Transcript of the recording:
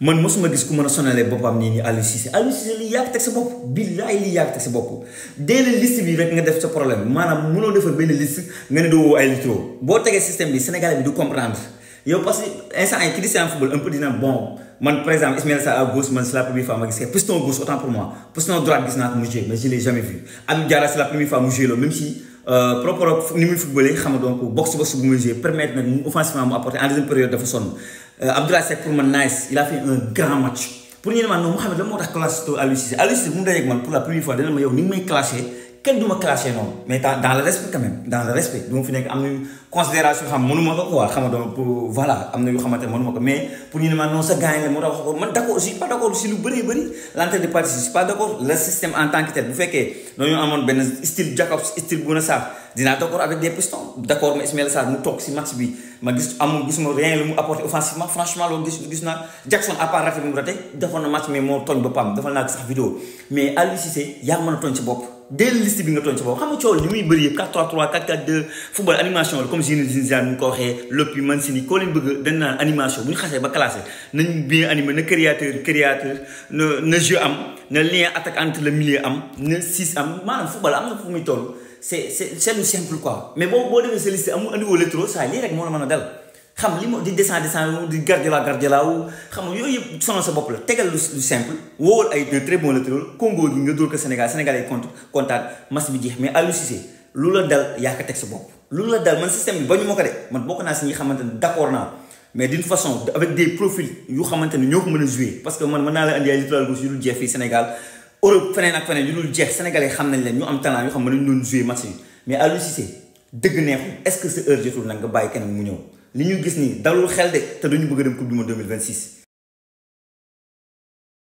man musuma gis ku mën a sonalee boppam nii nii Aliou Cissé Aliou Cissé lii yàgg teg sa bopp billaay lii yàgg teg sa bopp dès le liste bi rek nga def sa problème maanaam mënoo defal benn liste nga ne doo ay litro boo tegee système bi Sénégalais bi du comprendre yow parce que instant yi Christian football un peu dina bon man par exemple Ismaël Sarr à gauche man c'est la première fois ma gis piston gauche autant pour moi piston droite gis naa ko mu jouer mais je l'ai jamais vu Habib Diarra c'est la première fois mu jouer loolu même si euh, propre ni muy footballé xam nga donc box box bu muy jouer permettre nag mu offensivement mu apporter en deuxième période dafa sonn Euh, Abdoulaye Seck pour man nice il a un grand match pour ñu ne ma non la moo tax clash Aliou Cissé Aliou Cissé mu dajeeg man pour la première fois dana ma yow ni ngi may kenn du classé non mais dans dans le respect quand même dans le respect donc ma fi nekk am na considération xam mënuma ko quoi xam do donc pour voilà amna yu xamante ne mënuma ko mais pour ni ma non sa gars yi la moo tax ko man pas d'accord si lu bëree bëri l'entrée de parti je suis pas d'accord le système en tant que tel bu fekkee dañoo amone ben style Jacobs style Bouna Sarr dinaa d' d'accord avec des pistons d'accord mais ismaël Sarr mu tok ci match bi ma gis amul gisuma rien lu mu apporter offensivement franchement lo gis gis Jackson a part raté bi mu raté na match mais mo togn bopam defal naa sax vidéo mais Aliou Cissé yaa togn a bop dès liste bi nga tooñ sa xam nga coow li muy bëri yëpp 4 3 3 4 4 2 football animation la comme Zinedine Zidane mu ngi ko waxee Lopy Mancini koo leen bëgg dañ naan animation bu ñu xasee ba classé nañ bien animé na créateur créateur na na jeu am na lien attaque entre le milieu am na 6 am maanaam football am na fu muy toll c' est c' est lu simple mais boo boo demee sa liste amul andi wala trop saa lii rek moo xam li mo di descend descend di gardela gardela wu xam nga yooyu yëpp sonal sa bopp la tegal lu simple wowal ay deux très bon latéral Congo gi nga dóor ko Sénégal Sénégal ay compte kontaan match bi jeex mais Aliou Cissé lu la dal yaa ko teg sa bopp lu la dal man système bi ba ñu ma ko de man bokk naa si ñi xamante ne d'accord naa mais d'une façon avec des profils yu xamante ne ñoo ko mën a jouer parce que man mën naa la indi ay latéral gauche yu dul jeex fii Sénégal Europe feneen ak feneen yu dul jeex Sénégalais xam nañ leen ñu am talent yu xam ne dañu doon jouer match yi mais Aliou Cissé dëgg neexul est-ce que sa heure jotul na nga bàyyi keneen mu ñëw li ñu gis ni dalul xel de te duñu bëgg dem coupe du monde 2026